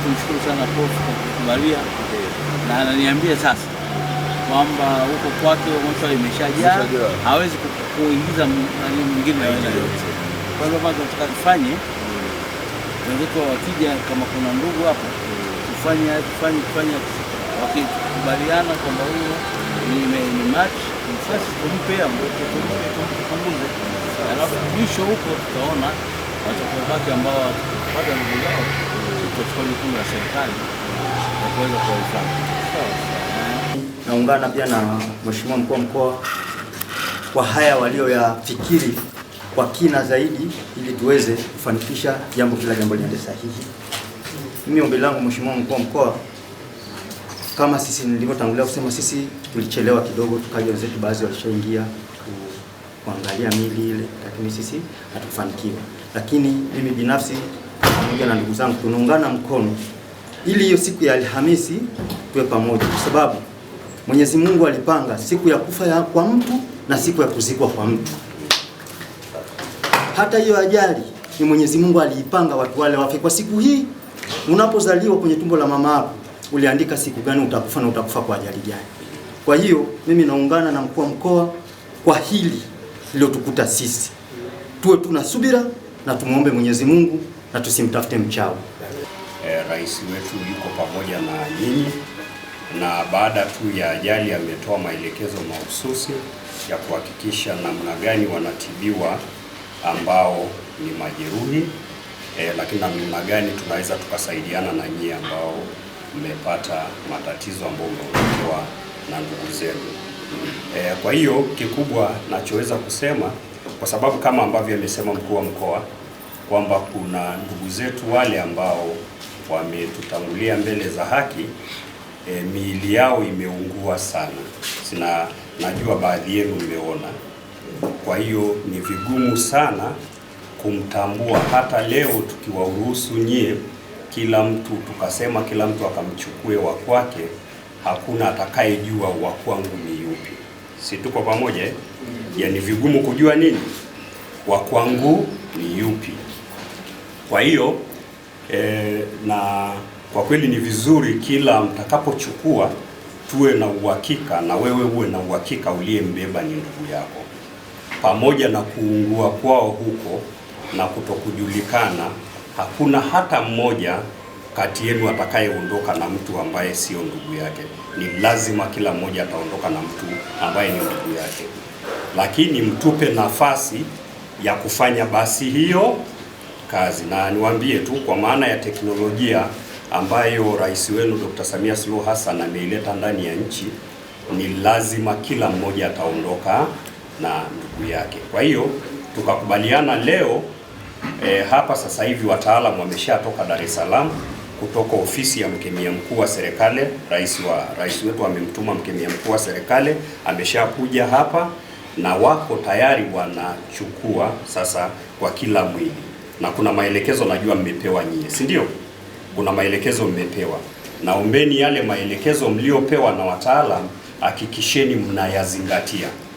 Tumshukuru sana Prof kwa kukubalia na ananiambia sasa kwamba huko kwake mochari imeshajaa, hawezi kuingiza mwingine aina yote. Kwa hivyo kwanza tunataka tufanye wenzetu wakija, kama kuna ndugu hapo, tufanye tufanye tufanye, wakikubaliana kwamba huyo ni match, basi tumpe tupunguze, alafu mwisho huko tutaona watakuwa wake ambao wapata ndugu zao tutachukua jukumu la serikali na kuweza kuwahifadhi. Naungana pia na Mheshimiwa mkuu wa mkoa kwa haya walioyafikiri kwa kina zaidi, ili tuweze kufanikisha jambo, kila jambo liende sahihi. Mimi ombi langu Mheshimiwa mkuu wa mkoa, kama sisi nilivyotangulia kusema, sisi tulichelewa kidogo, tukaja wenzetu baadhi walishaingia kuangalia mili ile, lakini sisi hatukufanikiwa. Lakini mimi binafsi pamoja na ndugu zangu tunaungana mkono ili hiyo siku ya Alhamisi tuwe pamoja, kwa sababu Mwenyezi Mungu alipanga siku ya kufa ya kwa mtu na siku ya kuzikwa kwa mtu. Hata hiyo ajali ni Mwenyezi Mungu aliipanga watu wale wafe kwa siku hii. Unapozaliwa kwenye tumbo la mama yako uliandika siku gani utakufa na utakufa kwa ajali gani. Kwa hiyo mimi naungana na mkuu wa mkoa kwa hili lilotukuta sisi, tuwe tuna subira na tumuombe Mwenyezi Mungu na tusimtafute mchawi. E, eh, rais wetu yuko pamoja na nyinyi, na baada tu ya ajali ametoa maelekezo mahususi ya kuhakikisha namna gani wanatibiwa ambao ni majeruhi e, lakini namna gani tunaweza tukasaidiana na nyinyi ambao mmepata matatizo ambayo umeondokewa na ndugu zenu. E, kwa hiyo kikubwa nachoweza kusema kwa sababu kama ambavyo amesema mkuu wa mkoa kwamba kuna ndugu zetu wale ambao wametutangulia mbele za haki e, miili yao imeungua sana. Sina, najua baadhi yenu mmeona. Kwa hiyo ni vigumu sana kumtambua hata leo, tukiwaruhusu nyie, kila mtu tukasema kila mtu akamchukue wa kwake, hakuna atakayejua wa kwangu ni yupi. Si tuko pamoja eh? Mm. Yani vigumu kujua nini wa kwangu ni yupi? Kwa hiyo e, na kwa kweli ni vizuri kila mtakapochukua tuwe na uhakika, na wewe uwe na uhakika uliyembeba ni ndugu yako, pamoja na kuungua kwao huko na kutokujulikana. Hakuna hata mmoja kati yenu atakayeondoka na mtu ambaye sio ndugu yake. Ni lazima kila mmoja ataondoka na mtu ambaye ni ndugu yake, lakini mtupe nafasi ya kufanya basi hiyo kazi, na niwaambie tu kwa maana ya teknolojia ambayo rais wenu Dr. Samia Suluhu Hassan ameileta ndani ya nchi, ni lazima kila mmoja ataondoka na ndugu yake. Kwa hiyo tukakubaliana leo e, hapa sasa hivi wataalamu wameshatoka Dar es Salaam kutoka ofisi ya mkemia mkuu wa serikali. Rais wa rais wetu amemtuma mkemia mkuu wa serikali, ameshakuja hapa na wako tayari wanachukua sasa kwa kila mwili, na kuna maelekezo najua mmepewa nyie, si ndio? Kuna maelekezo mmepewa, naombeni yale maelekezo mliopewa na wataalamu, hakikisheni mnayazingatia.